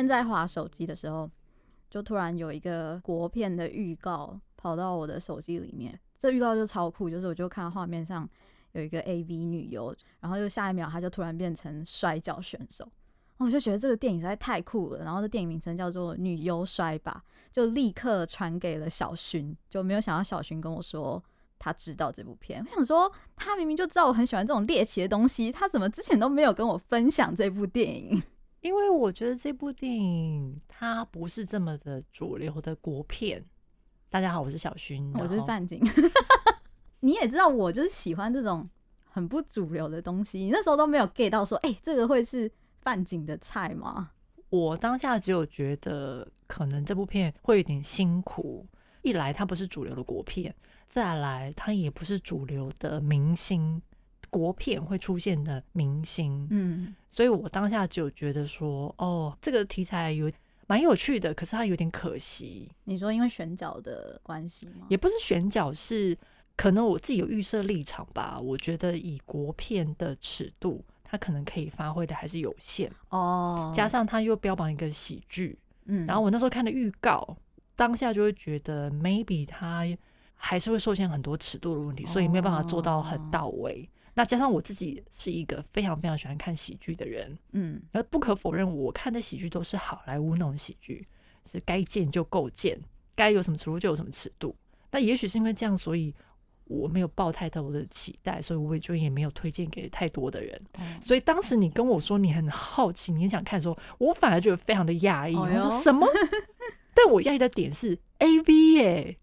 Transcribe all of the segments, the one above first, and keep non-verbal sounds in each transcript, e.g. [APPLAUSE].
現在滑手機的時候，就突然有一個國片的預告跑到我的手機裡面。這預告就超酷，就是我就看畫面上有一個 AV 女優，然後就下一秒她就突然變成摔角選手。我就覺得這個電影實在太酷了。然後這電影名稱叫做《女優摔吧》，就立刻傳給了小薰。就沒有想到小薰跟我說他知道這部片。我想說，他明明就知道我很喜歡這種獵奇的東西，他怎麼之前都沒有跟我分享這部電影？因為我覺得這部電影它不是這麼的主流的國片。大家好，我是小薰，我是范景。你也知道，我就是喜歡這種很不主流的東西。你那時候都沒有 get 到說，哎，這個會是范景的菜嗎？我當下只有覺得，可能這部片會有點辛苦。一來，它不是主流的國片；再來，它也不是主流的明星。國片會出現的明星。嗯。所以我當下就覺得說，哦，這個題材有蠻有趣的，可是它有點可惜。你說因為選角的關係嗎？也不是選角，是可能我自己有預設立場吧。我覺得以國片的尺度，它可能可以發揮的還是有限哦。加上它又標榜一個喜劇，嗯，然後我那時候看的預告，當下就會覺得 maybe 它還是會受限很多尺度的問題，哦、所以沒有辦法做到很到位。哦。那加上我自己是一個非常非常喜歡看喜劇的人，嗯，而不可否認，我看的喜劇都是好萊塢那種喜劇，就是該賤就夠賤，該有什麼尺度就有什麼尺度。但也許是因為這樣，所以我沒有抱太多的期待，所以我也就也沒有推薦給太多的人。嗯、所以當時你跟我說你很好奇，你很想看的時候，我反而覺得非常的訝異。我說什麼？哦、呦但我訝異的點是 AV 耶、欸，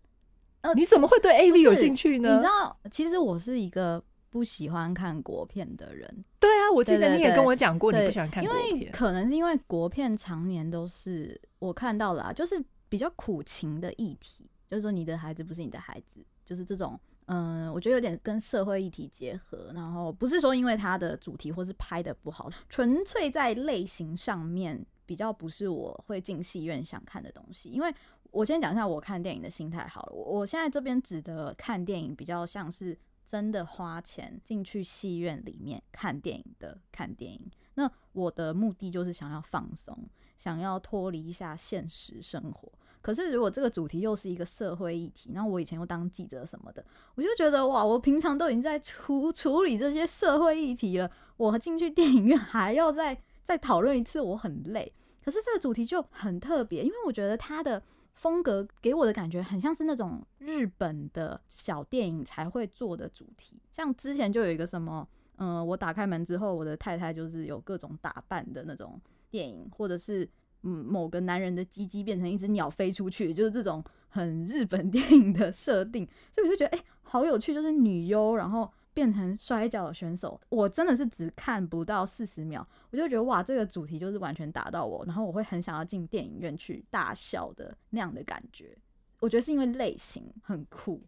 呃、你怎麼會對 AV 有興趣呢？你知道，其實我是一個。不喜歡看國片的人，對啊，我記得你也跟我講過，你不想看國片，對對對對。因為可能是因為國片常年都是我看到了啊，就是比較苦情的議題，就是說你的孩子不是你的孩子，就是這種，嗯，我覺得有點跟社會議題結合，然後不是說因為它的主題或是拍得不好，純粹在類型上面比較不是我會進戲院想看的東西。因為，我先講一下我看電影的心態好了，我我現在這邊指的看電影比較像是。真的花錢進去戲院裡面看電影的看電影，那我的目的就是想要放鬆，想要脫離一下現實生活。可是如果這個主題又是一個社會議題，那我以前又當記者什麼的，我就覺得哇，我平常都已經在處處理這些社會議題了，我進去電影院還要再再討論一次，我很累。可是這個主題就很特別，因為我覺得它的風格給我的感覺很像是那種日本的小電影才會做的主題，像之前就有一個什麼，嗯、呃，我打開門之後，我的太太就是有各種打扮的那種電影，或者是嗯某個男人的雞雞變成一隻鳥飛出去，就是這種很日本電影的設定，所以我就覺得哎、欸，好有趣，就是女優，然後。變成摔角的選手，我真的是只看不到四十秒，我就覺得哇，這個主題就是完全打到我，然後我會很想要進電影院去大笑的那樣的感覺。我覺得是因為類型很酷，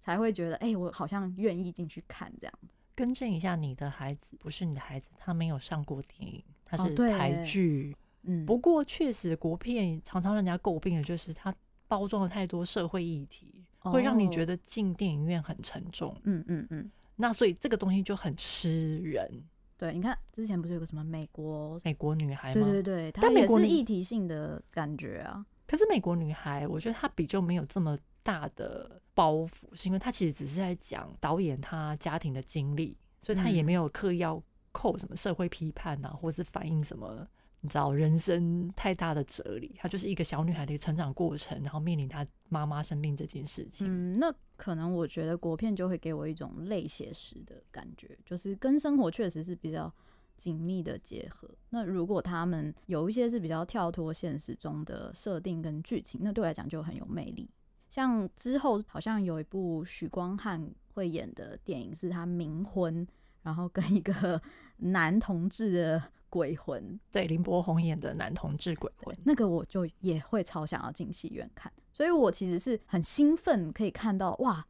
才會覺得哎、欸，我好像願意進去看這樣。更正一下，你的孩子不是你的孩子，他沒有上過電影，他是台劇、哦欸。嗯，不過確實國片常常讓人家詬病的就是它包裝了太多社會議題，哦、會讓你覺得進電影院很沉重。嗯嗯嗯。嗯嗯那所以這個東西就很吃人。對，你看之前不是有個什麼美國什麼美國女孩嗎？對對對，但也是議題性的感覺啊。可是美國女孩，我覺得她比就沒有這麼大的包袱，是因為她其實只是在講導演她家庭的經歷，所以她也沒有刻意要扣什麼社會批判吶、啊，或者是反映什麼。你知道人生太大的哲理，它就是一個小女孩的成長過程，然後面臨她媽媽生病這件事情。嗯，那可能我覺得國片就會給我一種類寫實的感覺，就是跟生活確實是比較緊密的結合。那如果他們有一些是比較跳脫現實中的設定跟劇情，那對我來講就很有魅力。像之後好像有一部許光漢會演的電影，是他冥婚，然後跟一個男同志的。鬼魂，對林柏宏演的男同志鬼魂，那個我就也會超想要進戲院看，所以我其實是很興奮，可以看到，哇，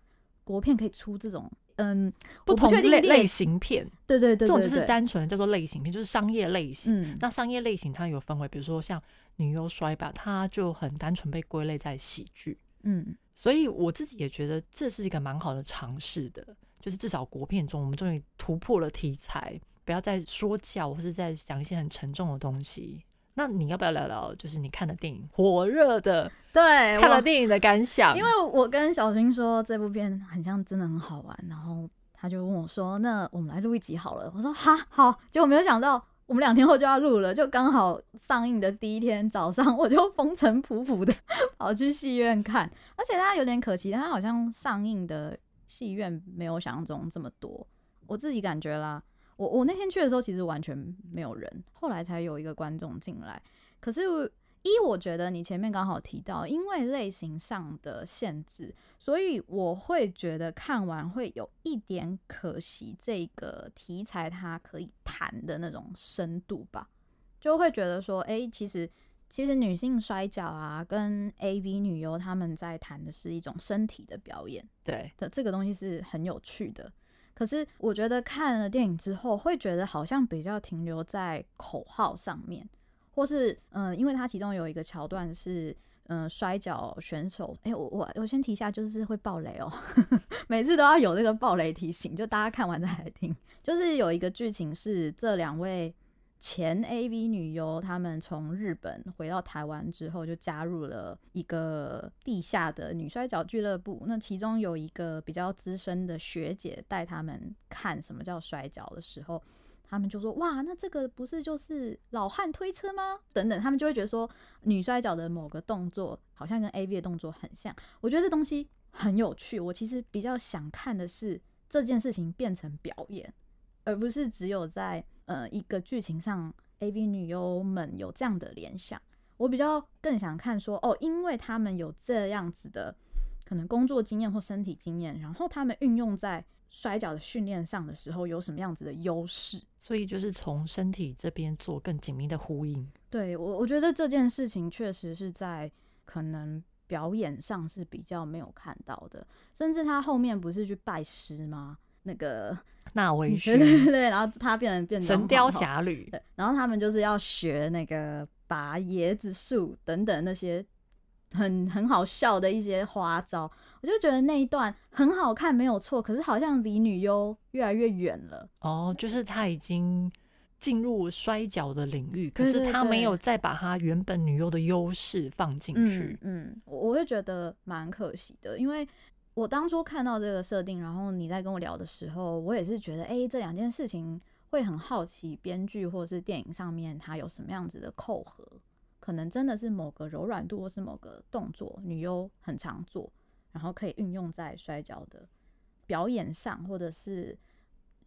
國片可以出這種嗯不同類不類，類型片，對對對，對對對，這種就是單純的叫做類型片，就是商業類型。嗯，那商業類型它有分為，比如說像《女優，摔吧》，它就很單純被歸類在喜劇。嗯，所以我自己也覺得這是一個蠻好的嘗試的，就是至少國片中我們終於突破了題材。不要再說教，或是在講一些很沉重的東西。那你要不要聊聊，就是你看的電影《火熱的》，對，看了電影的感想？因為我跟小薰說這部片很像，真的很好玩。然後他就問我說：“那我們來錄一集好了。”我說：“哈，好。”結果沒有想到，我們兩天後就要錄了，就剛好上映的第一天早上，我就風塵僕僕的 [LAUGHS] 跑去戲院看。而且他有點可惜，他好像上映的戲院沒有想象中這麼多。我自己感覺啦。我我那天去的時候，其實完全沒有人，後來才有一個觀眾進來。可是，一我覺得你前面剛好提到，因為類型上的限制，所以我會覺得看完會有一點可惜，這個題材它可以談的那種深度吧，就會覺得說，哎、欸，其實其實女性摔角啊，跟 AV 女優他們在談的是一種身體的表演，對，的，這個東西是很有趣的。可是我覺得看了電影之後，會覺得好像比較停留在口號上面，或是嗯、呃，因為它其中有一個橋段是嗯、呃、摔角選手，哎，我我我先提一下，就是會爆雷哦呵呵，每次都要有這個爆雷提醒，就大家看完再來聽，就是有一個劇情是這兩位。前 AV 女優，她們從日本回到台灣之後，就加入了一個地下的女摔角俱樂部。那其中有一個比較資深的學姐帶她們看什麼叫摔角的時候，她們就說：“哇，那這個不是就是老漢推車嗎？”等等，她們就會覺得說，女摔角的某個動作好像跟 AV 的動作很像。我覺得這東西很有趣。我其實比較想看的是這件事情變成表演，而不是只有在。呃，一個劇情上，AV 女優們有這樣的聯想，我比較更想看說，哦，因為他們有這樣子的可能工作經驗或身體經驗，然後他們運用在摔跤的訓練上的時候，有什麼樣子的優勢？所以就是從身體這邊做更緊密的呼應。對我，我覺得這件事情確實是在可能表演上是比較沒有看到的，甚至他後面不是去拜師嗎？那個那位，對對對，對，然後他變成變成神鵰俠侶，對，然後他們就是要學那個拔椰子樹等等那些很很好笑的一些花招，我就覺得那一段很好看，沒有錯。可是好像離女優越來越遠了，哦，就是他已經進入摔角的領域，可是他沒有再把他原本女優的優勢放進去嗯。嗯，我我會覺得蠻可惜的，因為。我當初看到這個設定，然後你在跟我聊的時候，我也是覺得，哎、欸，這兩件事情會很好奇，編劇或是電影上面它有什麼樣子的扣合？可能真的是某個柔軟度，或是某個動作女優很常做，然後可以運用在摔角的表演上，或者是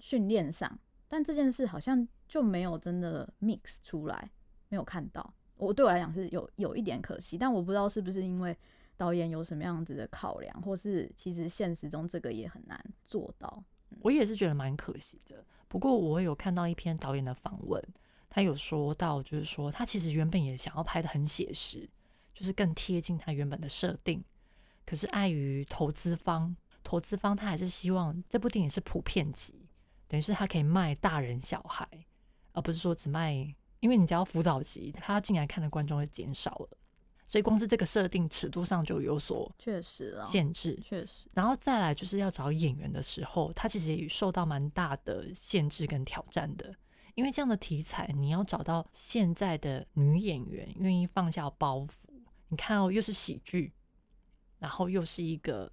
訓練上。但這件事好像就沒有真的 mix 出來，沒有看到。我對我來講是有有一點可惜，但我不知道是不是因為。導演有什麼樣子的考量，或是其實現實中這個也很難做到。嗯、我也是覺得蠻可惜的。不過我有看到一篇導演的訪問，他有說到，就是說他其實原本也想要拍得很寫實，就是更貼近他原本的設定。可是礙於投資方，投資方他還是希望這部電影是普遍級，等於是他可以賣大人小孩，而不是說只賣。因為你只要輔導級，他進來看的觀眾會減少了。所以光是這個設定尺度上就有所確實限制，確實。然後再來就是要找演員的時候，他其實也受到蠻大的限制跟挑戰的，因為這樣的題材，你要找到現在的女演員願意放下包袱。你看哦，又是喜劇，然後又是一個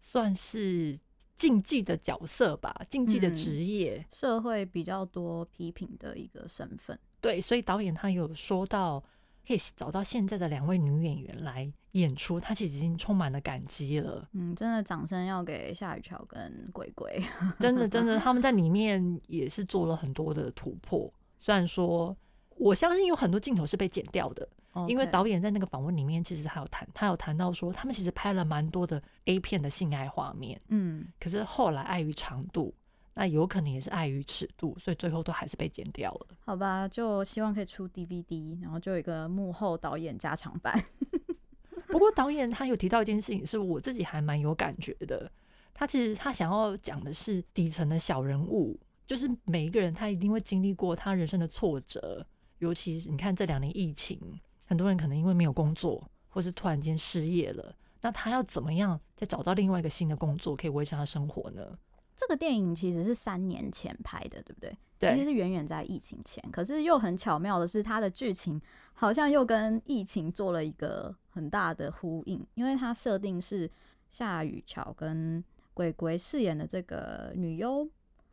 算是禁忌的角色吧，禁忌的職業，社會比較多批評的一個身份。對，所以導演他有說到。可以找到現在的兩位女演員來演出，她其實已經充滿了感激了。嗯，真的掌聲要給夏於喬跟鬼鬼，真的真的，他們在裡面也是做了很多的突破。雖然說，我相信有很多鏡頭是被剪掉的，因為導演在那個訪問裡面其實還有談，他有談到說，他們其實拍了蠻多的 A 片的性愛畫面，嗯，可是後來礙於長度。那有可能也是礙於尺度，所以最後都還是被剪掉了。好吧，就希望可以出 DVD，然後就有一個幕後導演加長版。 [LAUGHS] 不過導演他有提到一件事情，是我自己還蠻有感覺的。他其實他想要講的是底層的小人物，就是每一個人他一定會經歷過他人生的挫折。尤其是你看這兩年疫情，很多人可能因為沒有工作，或是突然間失業了，那他要怎麼樣再找到另外一個新的工作，可以維持他生活呢？這個電影其實是三年前拍的，對不對？其實是遠遠在疫情前，對可是又很巧妙的是，它的劇情好像又跟疫情做了一個很大的呼應，因為它設定是夏雨喬跟鬼鬼飾演的這個女優，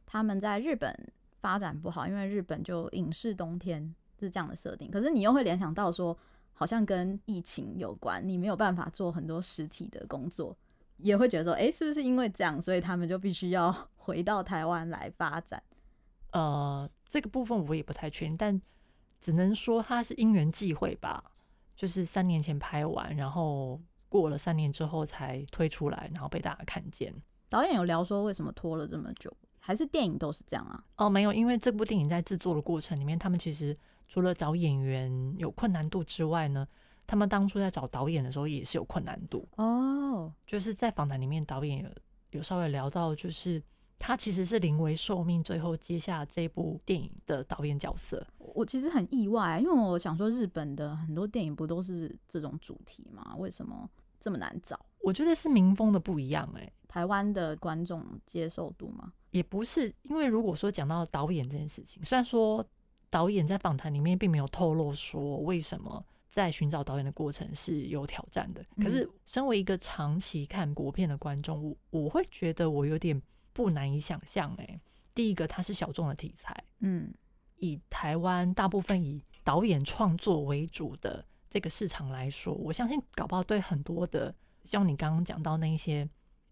他們在日本發展不好，因為日本就影視冬天是這樣的設定，可是你又會聯想到說，好像跟疫情有關，你沒有辦法做很多實體的工作。也會覺得說，哎、欸，是不是因為這樣，所以他們就必須要回到台灣來發展？呃，這個部分我也不太確定，但只能說它是因緣際會吧。就是三年前拍完，然後過了三年之後才推出來，然後被大家看見。導演有聊說為什麼拖了這麼久？還是電影都是這樣啊？哦，沒有，因為這部電影在制作的過程裡面，他們其實除了找演員有困難度之外呢。他們當初在找導演的時候也是有困難度哦，oh, 就是在訪談裡面，導演有有稍微聊到，就是他其實是臨危受命，最後接下這部電影的導演角色。我其實很意外，因為我想說，日本的很多電影不都是這種主題嗎？為什麼這麼難找？我覺得是民風的不一樣誒、欸，台灣的觀眾接受度嗎？也不是，因為如果說講到導演這件事情，雖然說導演在訪談裡面並沒有透露說為什麼。在尋找導演的過程是有挑戰的，可是身為一個長期看國片的觀眾，嗯、我我會覺得我有點不難以想象誒，第一個它是小眾的題材，嗯，以台灣大部分以導演創作為主的這個市場來說，我相信搞不好對很多的，像你剛剛講到那一些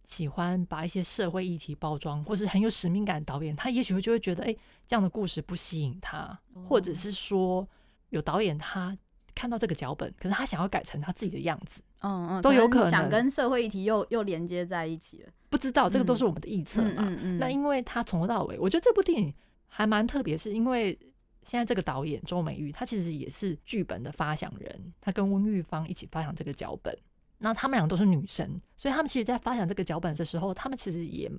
喜歡把一些社會議題包裝，或是很有使命感的導演，他也許就會覺得，誒、欸，這樣的故事不吸引他，或者是說有導演他。哦看到這個腳本，可是他想要改成他自己的樣子，嗯嗯，嗯都有可能，想跟社會議題又又連接在一起了。不知道這個都是我們的臆測嘛？嗯嗯嗯、那因為他從頭到尾，我覺得這部電影還蠻特別，是因為現在這個導演周美豫，她其實也是劇本的發想人，她跟溫郁芳一起發想這個腳本。那他們兩個都是女生，所以他們其實在發想這個腳本的時候，他們其實也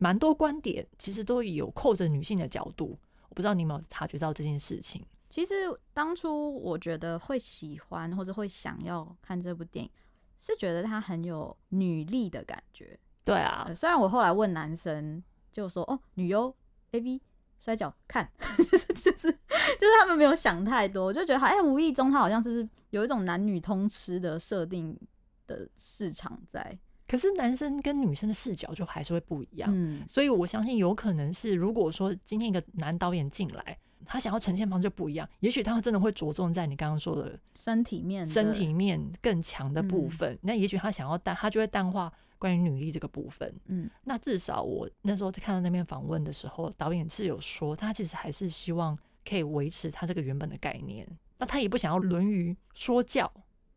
蠻多觀點，其實都有扣着女性的角度。我不知道你有沒有察覺到這件事情。其實當初我覺得會喜歡或者會想要看這部電影，是覺得他很有女力的感覺。對，對啊，雖然我後來問男生，就說哦，女優 A B 摔角看、 [LAUGHS] 就是，就是就是就是他們沒有想太多，我就覺得哎、欸，無意中他好像是，是有一種男女通吃的設定的市場在。可是男生跟女生的視角就還是會不一樣，嗯、所以我相信有可能是如果說今天一個男導演進來。他想要呈現方式就不一樣，也許他真的會着重在你剛剛說的身體面、身體面更強的部分。嗯、那也許他想要淡，他就會淡化關於女力這個部分。嗯，那至少我那時候看到那篇訪問的時候，導演是有說，他其實還是希望可以維持他這個原本的概念。那他也不想要淪於說教，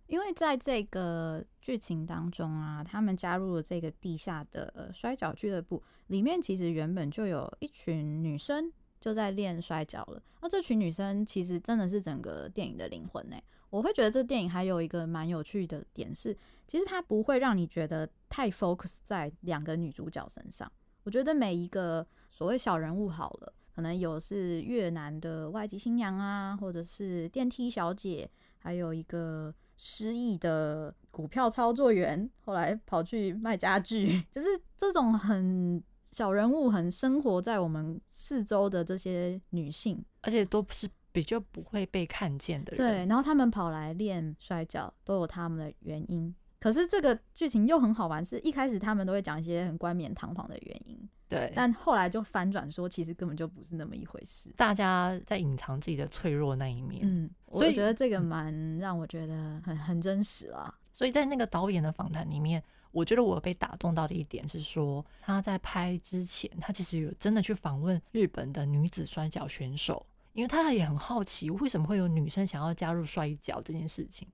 因為在這個劇情當中啊，他們加入了這個地下的摔跤俱樂部，裡面其實原本就有一群女生。就在練摔角了。那、啊、這群女生其實真的是整個電影的靈魂呢。我會覺得這電影還有一個蠻有趣的點是，其實它不會讓你覺得太 focus 在兩個女主角身上。我覺得每一個所謂小人物好了，可能有是越南的外籍新娘啊，或者是電梯小姐，還有一個失意的股票操作員，後來跑去賣家具，就是這種很。小人物，很生活在我們四周的這些女性，而且都是比較不會被看見的人。對，然後他們跑來練摔跤，都有他們的原因。可是這個劇情又很好玩，是一開始他們都會講一些很冠冕堂皇的原因。對，但後來就反轉說，其實根本就不是那麼一回事。大家在隱藏自己的脆弱那一面。嗯，所以，所以我覺得這個蠻讓我覺得很很真實啊。所以在那個導演的訪談裡面。我覺得我被打動到的一點是說，他在拍之前，他其實有真的去訪問日本的女子摔角選手，因為他也很好奇為什麼會有女生想要加入摔角這件事情。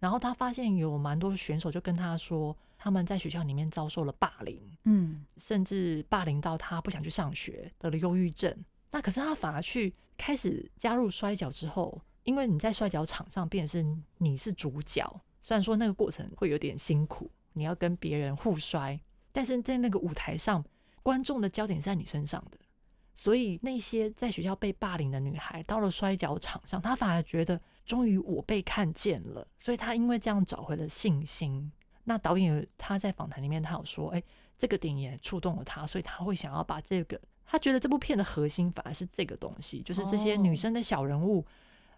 然後他發現有蠻多選手就跟他說，他們在學校裡面遭受了霸凌，嗯，甚至霸凌到他不想去上學，得了憂鬱症。那可是他反而去開始加入摔角之後，因為你在摔角場上，變成你是主角。雖然說那個過程會有點辛苦。你要跟別人互摔，但是在那個舞台上，觀眾的焦點是在你身上的，所以那些在學校被霸凌的女孩，到了摔跤場上，她反而覺得終於我被看見了，所以她因為這樣找回了信心。那導演他在訪談裡面，他有說，誒、欸，這個點也觸動了她，所以她會想要把這個，他覺得這部片的核心反而是這個東西，就是這些女生的小人物，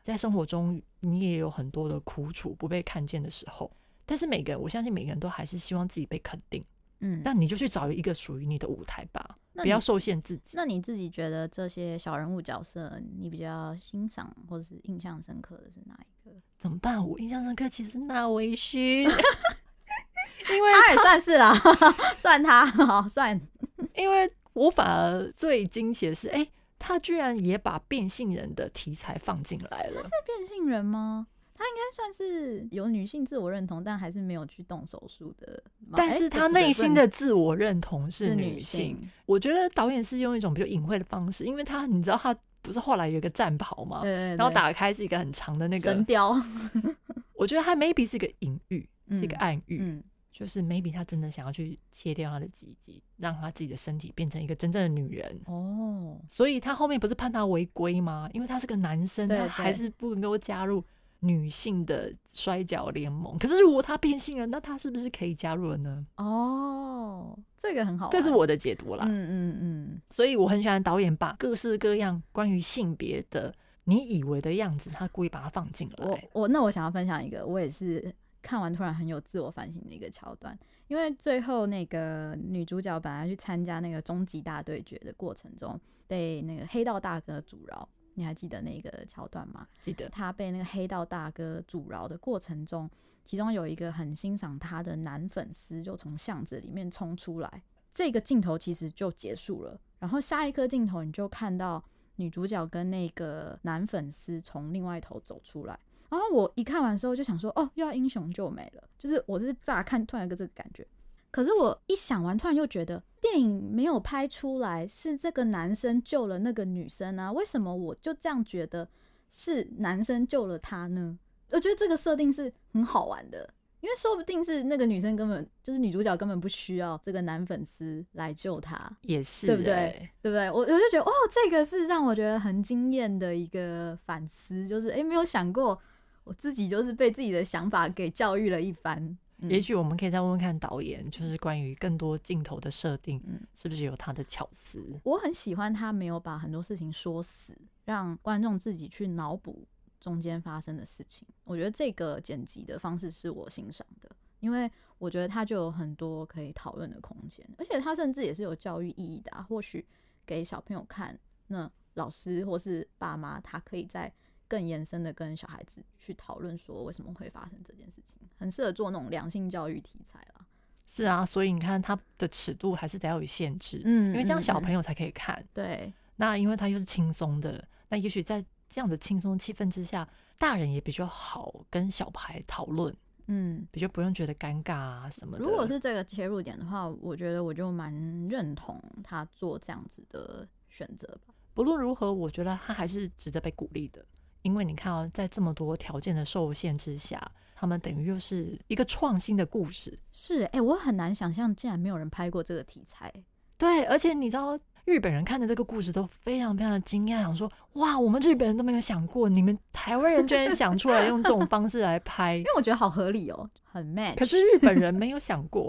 在生活中你也有很多的苦楚，不被看見的時候。但是每個人，我相信每個人都還是希望自己被肯定。嗯，那你就去找一個屬於你的舞台吧，你不要受限自己。那你自己覺得這些小人物角色，你比較欣賞或者是印象深刻的是哪一個？怎麼辦？我印象深刻，其實那維勳， [LAUGHS] 因為他，他也算是啦， [LAUGHS] 算他好算。 [LAUGHS] 因為我反而最驚奇的是，誒、欸，他居然也把變性人的題材放進來了。他是變性人嗎？他應該算是有女性自我認同，但還是沒有去動手術的。但是他內心的自我認同是女性。女性我覺得導演是用一種比較隱晦的方式，因為他你知道他不是後來有一個戰袍嗎？對對對，然後打開是一個很長的那個神深雕。 [LAUGHS] 我覺得他 maybe 是一個隱喻，是一個暗喻，嗯、就是 maybe 他真的想要去切掉他的雞雞，讓他自己的身體變成一個真正的女人。哦，所以他後面不是判他違規嗎？因為他是個男生，對對對，他還是不能夠加入。女性的摔角聯盟，可是如果她變性了，那她是不是可以加入了呢？哦，這個很好，這是我的解讀啦。嗯嗯嗯，嗯嗯，所以我很喜歡導演把各式各樣關於性別的你以為的樣子，他故意把它放進來。我我那我想要分享一個，我也是看完突然很有自我反省的一個橋段，因為最後那個女主角本來去參加那個終極大對決的過程中，被那個黑道大哥阻撓。你還記得那個橋段嗎？記得，他被那個黑道大哥阻撓的過程中，其中有一個很欣賞他的男粉絲就從巷子裡面衝出來，這個鏡頭其實就結束了。然後下一個鏡頭，你就看到女主角跟那個男粉絲從另外一頭走出來。然後我一看完之後就想說：“哦，又要英雄救美了。”就是我是乍看突然一個這個感覺。可是我一想完，突然就覺得電影沒有拍出來，是這個男生救了那個女生啊。為什麼我就這樣覺得是男生救了他呢？我覺得這個設定是很好玩的，因為說不定是那個女生根本就是女主角，根本不需要這個男粉絲來救她，也是對不對？對不對？我我就覺得哦，這個是讓我覺得很驚艷的一個反思，就是誒，沒有想過我自己就是被自己的想法給教育了一番。也許我們可以再問問看導演，就是關於更多鏡頭的設定，是不是有他的巧思？嗯，我很喜歡他沒有把很多事情說死，讓觀眾自己去腦補中間發生的事情。我覺得這個剪輯的方式是我欣賞的，因為我覺得他就有很多可以討論的空間，而且他甚至也是有教育意義的啊，或許給小朋友看，那老師或是爸媽他可以在。更延伸的跟小孩子去討論，說為什麼會發生這件事情，很適合做那種兩性教育題材啦。是啊，所以你看他的尺度還是得要有限制，嗯，因為這樣小朋友才可以看。嗯、對，那因為他又是輕鬆的，那也許在這樣的輕鬆氣氛之下，大人也比較好跟小孩討論，嗯，比較不用覺得尷尬啊什麼的。如果是這個切入點的話，我覺得我就蠻認同他做這樣子的選擇吧。不論如何，我覺得他還是值得被鼓勵的。因為你看，哦，在這麼多條件的受限之下，他們等於又是一個創新的故事。是哎，欸，我很難想象，竟然沒有人拍過這個題材。對，而且你知道，日本人看的這個故事都非常非常的驚訝，想說：哇，我們日本人都沒有想過，你們台灣人居然想出來用這種方式來拍。 [LAUGHS] 因為我覺得好合理哦，很 match。可是日本人沒有想過，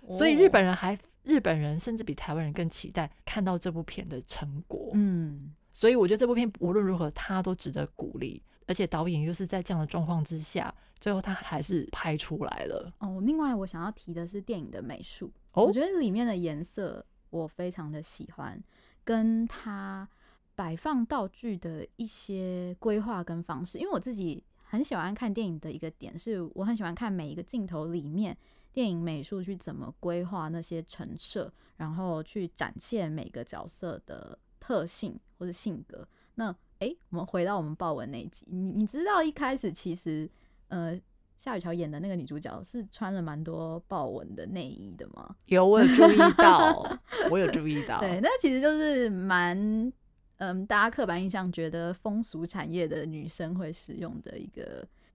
[LAUGHS] 哦，所以日本人還日本人甚至比台灣人更期待看到這部片的成果。嗯。所以我覺得這部片無論如何，他都值得鼓勵。而且導演又是在這樣的狀況之下，最後他還是拍出來了。哦，另外我想要提的是電影的美術，哦、我覺得裡面的顏色我非常的喜歡，跟他擺放道具的一些規劃跟方式。因為我自己很喜歡看電影的一個點，是我很喜歡看每一個鏡頭裡面電影美術去怎麼規劃那些陳設，然後去展現每個角色的特性或者性格，那誒，我們回到我們豹紋那一集，你你知道一開始其實，呃，夏於喬演的那個女主角是穿了蠻多豹紋的內衣的嗎？有，我有注意到， [LAUGHS] 我有注意到。對，那其實就是蠻，嗯、呃，大家刻板印象覺得風俗產業的女生會使用的一個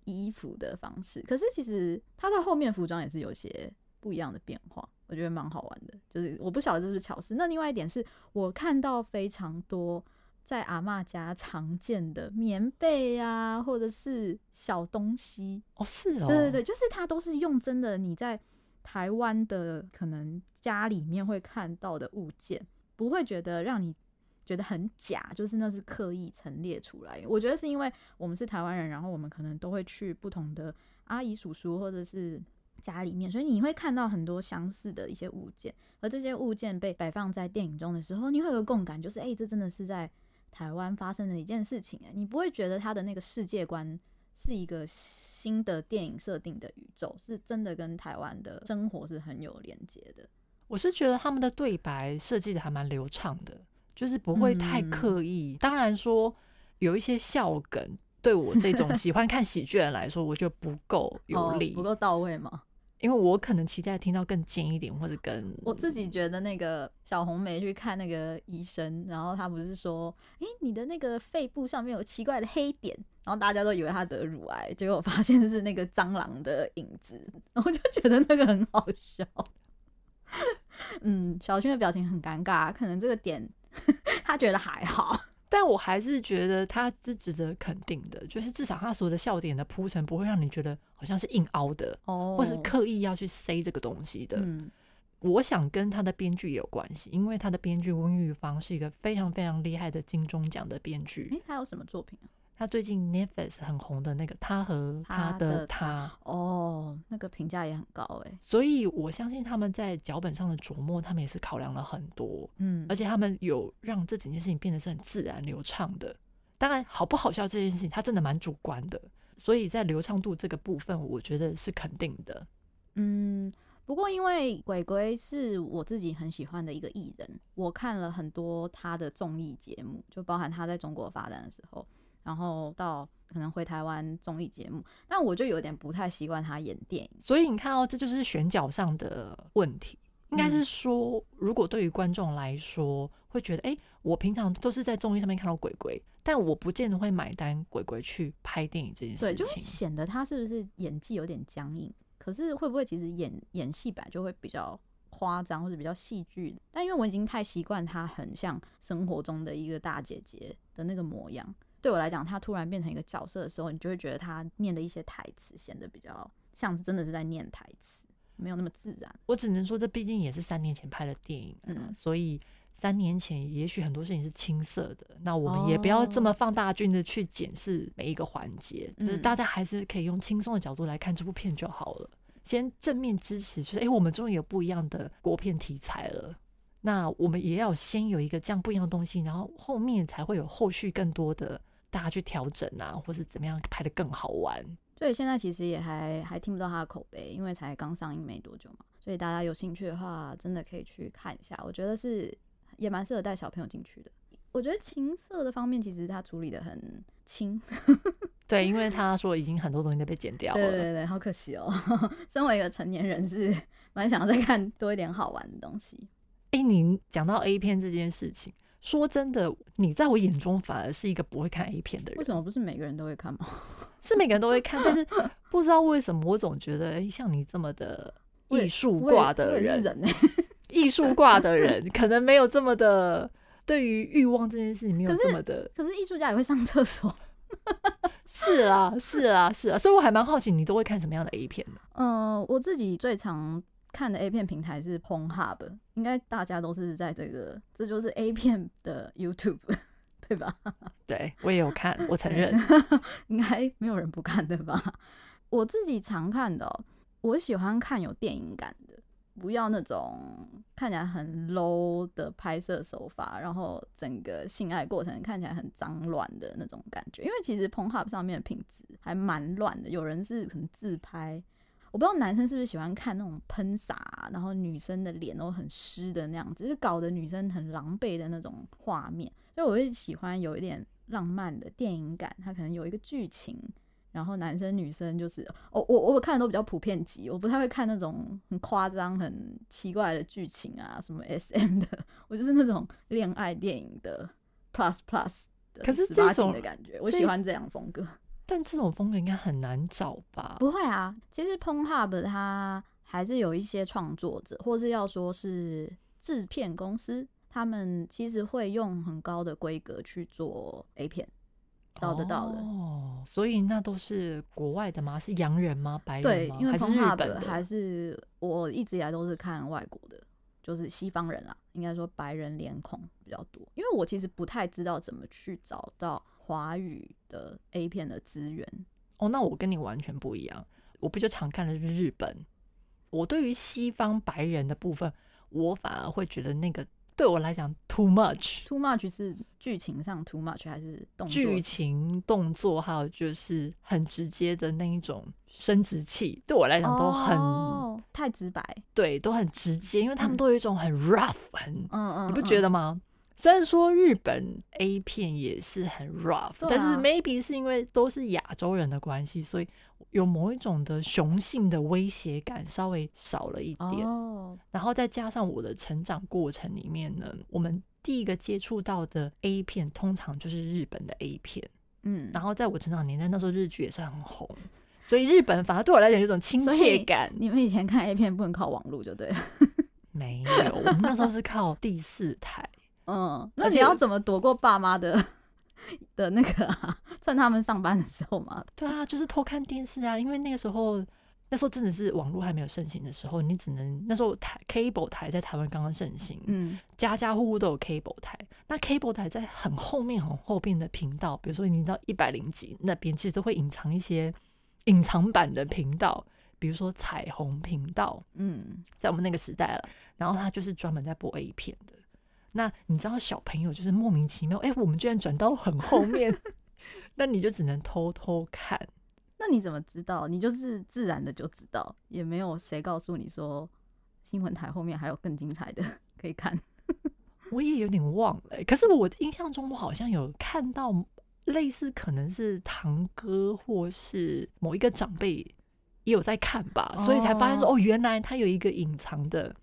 衣服的方式，可是其實她的後面服裝也是有些不一樣的變化。我覺得蠻好玩的，就是我不曉得這是不是巧思。那另外一點是我看到非常多在阿嬤家常見的棉被啊，或者是小東西哦，是哦，對對對，就是它都是用真的，你在台灣的可能家裡面會看到的物件，不會覺得讓你覺得很假，就是那是刻意陳列出來。我覺得是因為我們是台灣人，然後我們可能都會去不同的阿姨、叔叔，或者是，家裡面，所以你會看到很多相似的一些物件，而這些物件被擺放在電影中的時候，你會有個共感，就是哎、欸，這真的是在台灣發生的一件事情哎、欸，你不會覺得它的那個世界觀是一個新的電影設定的宇宙，是真的跟台灣的生活是很有連接的。我是覺得他們的對白設計的還蠻流暢的，就是不會太刻意。嗯、當然說有一些笑梗，對我這種喜歡 [LAUGHS] 看喜劇人來說，我覺得不夠有力、哦，不夠到位嗎？因為我可能期待聽到更尖一點，或者跟我自己覺得那個小紅梅去看那個醫生，然後他不是說，誒、欸，你的那個肺部上面有奇怪的黑點，然後大家都以為他得乳癌，結果我發現是那個蟑螂的影子，然後我就覺得那個很好笑。 [LAUGHS] 嗯，小薰的表情很尷尬，可能這個點 [LAUGHS] 他覺得還好。但我還是覺得他是值得肯定的，就是至少他所有的笑點的鋪陳不會讓你覺得好像是硬凹的，哦，oh. 或是刻意要去塞這個東西的。嗯、我想跟他的編劇也有關係，因為他的編劇溫玉芳是一個非常非常厲害的金鐘獎的編劇。他、欸、有什麼作品、啊他最近 Netflix 很紅的那個，她和她的她的她哦，那個評價也很高誒，所以我相信他們在腳本上的琢磨，他們也是考量了很多，嗯，而且他們有讓這幾件事情變得是很自然流暢的。當然，好不好笑這件事情，他真的蠻主觀的，所以在流暢度這個部分，我覺得是肯定的。嗯，不過因為鬼鬼是我自己很喜歡的一個藝人，我看了很多他的綜藝節目，就包含他在中國發展的時候。然後到可能回台灣綜藝節目，但我就有點不太習慣他演電影。所以你看到、哦、這就是選角上的問題，應該是說，如果對於觀眾來說會覺得，哎、欸，我平常都是在綜藝上面看到鬼鬼，但我不見得會買單鬼鬼去拍電影這件事。對，就會顯得他是不是演技有點僵硬？可是會不會其實演演戲版就會比較誇張或者比較戲劇？但因為我已經太習慣他很像生活中的一個大姐姐的那個模樣。對我來講，他突然變成一個角色的時候，你就會覺得他念的一些台詞顯得比較像是真的是在念台詞，沒有那麼自然。我只能說，這畢竟也是三年前拍的電影，啊，嗯，所以三年前也許很多事情是青澀的。那我們也不要這麼放大鏡的去檢視每一個環節，哦、就是大家還是可以用輕鬆的角度來看這部片就好了。嗯、先正面支持，就是哎、欸，我們終於有不一樣的國片題材了。那我們也要先有一個這樣不一樣的東西，然後後面才會有後續更多的大家去調整啊，或是怎麼樣拍得更好玩。所以現在其實也還還聽不到他的口碑，因為才剛上映沒多久嘛。所以大家有興趣的話，真的可以去看一下。我覺得是也蠻適合帶小朋友進去的。我覺得情色的方面，其實他處理得很輕。 [LAUGHS] 對，因為他說已經很多東西都被剪掉了。對對對，好可惜哦。 [LAUGHS] 身為一個成年人，是蠻想要再看多一點好玩的東西。哎、欸，你講到 A 片這件事情，說真的，你在我眼中反而是一個不會看 A 片的人。為什麼？不是每個人都會看嗎？是每個人都會看， [LAUGHS] 但是不知道為什麼，我總覺得哎，像你這麼的藝術掛的人，藝術掛的人可能沒有這麼的，對於慾望這件事情沒有這麼的。可是藝術家也會上廁所。 [LAUGHS] 是啊，是啊，是啊，所以我還蠻好奇，你都會看什麼樣的 A 片呢？嗯、呃，我自己最常。看的 A 片平台是 Pornhub 應該大家都是在這個，這就是 A 片的 YouTube，對吧？對，我也有看，我承認， [LAUGHS] 應該沒有人不看的吧？我自己常看的喔，我喜歡看有電影感的，不要那種看起來很 low 的拍攝手法，然後整個性愛過程看起來很髒亂的那種感覺。因為其實 Pornhub 上面的品質還蠻亂的，有人是可能自拍。我不知道男生是不是喜歡看那種噴灑、啊，然後女生的臉都很濕的那樣子，只是搞得女生很狼狽的那種畫面。所以我會喜歡有一點浪漫的電影感，它可能有一個劇情，然後男生女生就是、哦、我我我看的都比較普遍級，我不太會看那種很誇張、很奇怪的劇情啊，什麼 SM 的。我就是那種戀愛電影的 Plus Plus 的十八禁的感覺，我喜歡這樣的風格。但這種風格應該很難找吧？不會啊，其實 Pornhub 它還是有一些創作者，或是要說是制片公司，他們其實會用很高的規格去做 A 片，找得到的哦。所以那都是國外的嗎？是洋人嗎？白人嗎？對，因為 Pornhub 還是日本？還是我一直以來都是看外國的，就是西方人啊，應該說白人臉孔比較多。因為我其實不太知道怎麼去找到。華語的 A 片的資源哦，那我跟你完全不一樣。我比較常看的是日本。我對於西方白人的部分，我反而會覺得那個對我來講 too much。too much 是劇情上 too much 還是動作？劇情動作，還有就是很直接的那一種生殖器，對我來講都很、oh, 太直白，對，都很直接，因為他們都有一種很 rough，很嗯嗯，嗯嗯你不覺得嗎？嗯雖然說日本 A 片也是很 rough，對啊，但是 maybe 是因為都是亞洲人的關係，所以有某一種的雄性的威脅感稍微少了一點。Oh, 然後再加上我的成長過程裡面呢，我們第一個接觸到的 A 片通常就是日本的 A 片，嗯，然後在我成長年代那時候日劇也是很紅，所以日本反而對我來講有一種親切感。你們以前看 A 片不能靠網路就對了， [LAUGHS] 沒有，我們那時候是靠第四台。 [LAUGHS] 嗯，那你要怎麼躲過爸媽的且的那個啊？趁他們上班的時候嘛。對啊，就是偷看電視啊。因為那個時候，那時候真的是網絡還沒有盛行的時候，你只能那時候台 Cable 台在台灣剛剛盛行，嗯，家家戶戶都有 Cable 台。那 Cable 台在很後面、很後邊的頻道，比如說你到一百零幾那邊，其實都會隱藏一些隱藏版的頻道，比如說彩虹頻道，嗯，在我們那個時代了。然後它就是專門在播 A 片的。那你知道小朋友就是莫名其妙，哎、欸，我們居然轉到很後面， [LAUGHS] [LAUGHS] 那你就只能偷偷看。那你怎麼知道？你就是自然的就知道，也沒有誰告訴你說新聞台後面還有更精彩的可以看。 [LAUGHS] 我也有點忘了，欸，可是我印象中我好像有看到類似，可能是堂哥或是某一個長輩也有在看吧，哦，所以才發現說哦，原來他有一個隱藏的。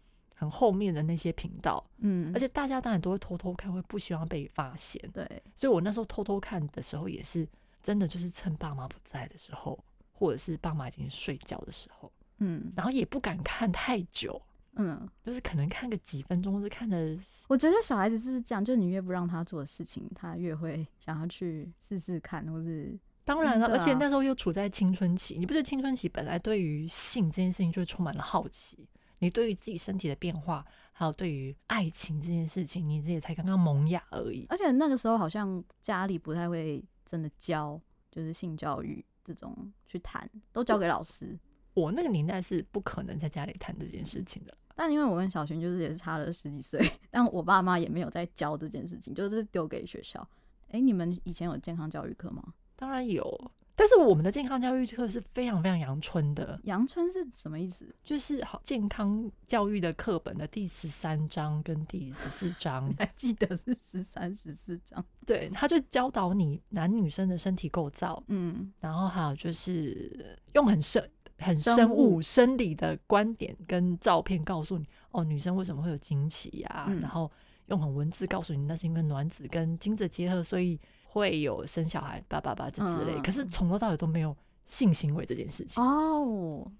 後面的那些頻道，嗯，而且大家當然都會偷偷看，會不希望被發現，對。所以我那時候偷偷看的時候，也是真的就是趁爸媽不在的時候，或者是爸媽已經睡覺的時候，嗯，然後也不敢看太久，嗯，就是可能看個幾分鐘，或者是看的。我覺得小孩子是不是這樣？就是你越不讓他做的事情，他越會想要去試試看，或是當然了，嗯啊、而且那時候又處在青春期，你不覺得青春期本來對於性這件事情就會充滿了好奇？你對於自己身體的變化，還有對於愛情這件事情，你自己才剛剛萌芽而已。而且那個時候好像家裡不太會真的教，就是性教育這種去談，都交給老師。我那個年代是不可能在家裡談這件事情的。但因為我跟小薰就是也是差了十幾歲，但我爸媽也沒有在教這件事情，就是丟給學校。哎、欸，你們以前有健康教育課嗎？當然有。但是我們的健康教育課是非常非常陽春的，陽春是什麼意思？就是好健康教育的課本的第十三章跟第十四章， [LAUGHS] 還記得是十三、十四章？對，他就教導你男女生的身體構造，嗯，然後還有就是用很生、很生物、生物、生理的觀點跟照片告訴你，哦，女生為什麼會有經期呀？嗯，然後用很文字告訴你，那是因為卵子跟精子結合，所以。會有生小孩、爸爸爸之之類，嗯、可是從頭到尾都沒有性行為這件事情哦。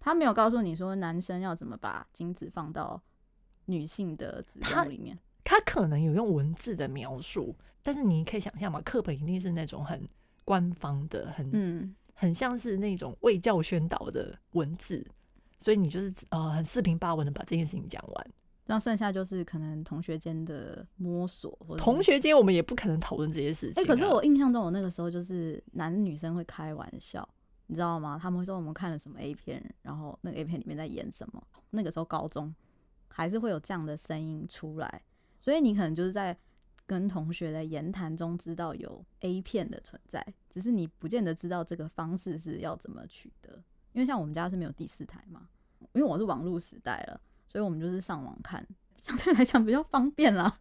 他沒有告訴你說男生要怎麼把精子放到女性的子宮裡面他。他可能有用文字的描述，但是你可以想象嘛，課本一定是那種很官方的、很、嗯、很像是那種衛教宣導的文字，所以你就是呃很四平八穩的把這件事情講完。那剩下就是可能同學間的摸索，或者同學間我們也不可能討論這些事情啊。欸，可是我印象中，我那個時候就是男女生會開玩笑，你知道嗎？他們會說，我們看了什麼 A 片，然後那個 A 片裡面在演什麼。那個時候高中還是會有這樣的聲音出來，所以你可能就是在跟同學的言談中知道有 A 片的存在，只是你不見得知道這個方式是要怎麼取得，因為像我們家是沒有第四台嘛，因為我是網路時代了。所以我們就是上網看，相對來講比較方便啦。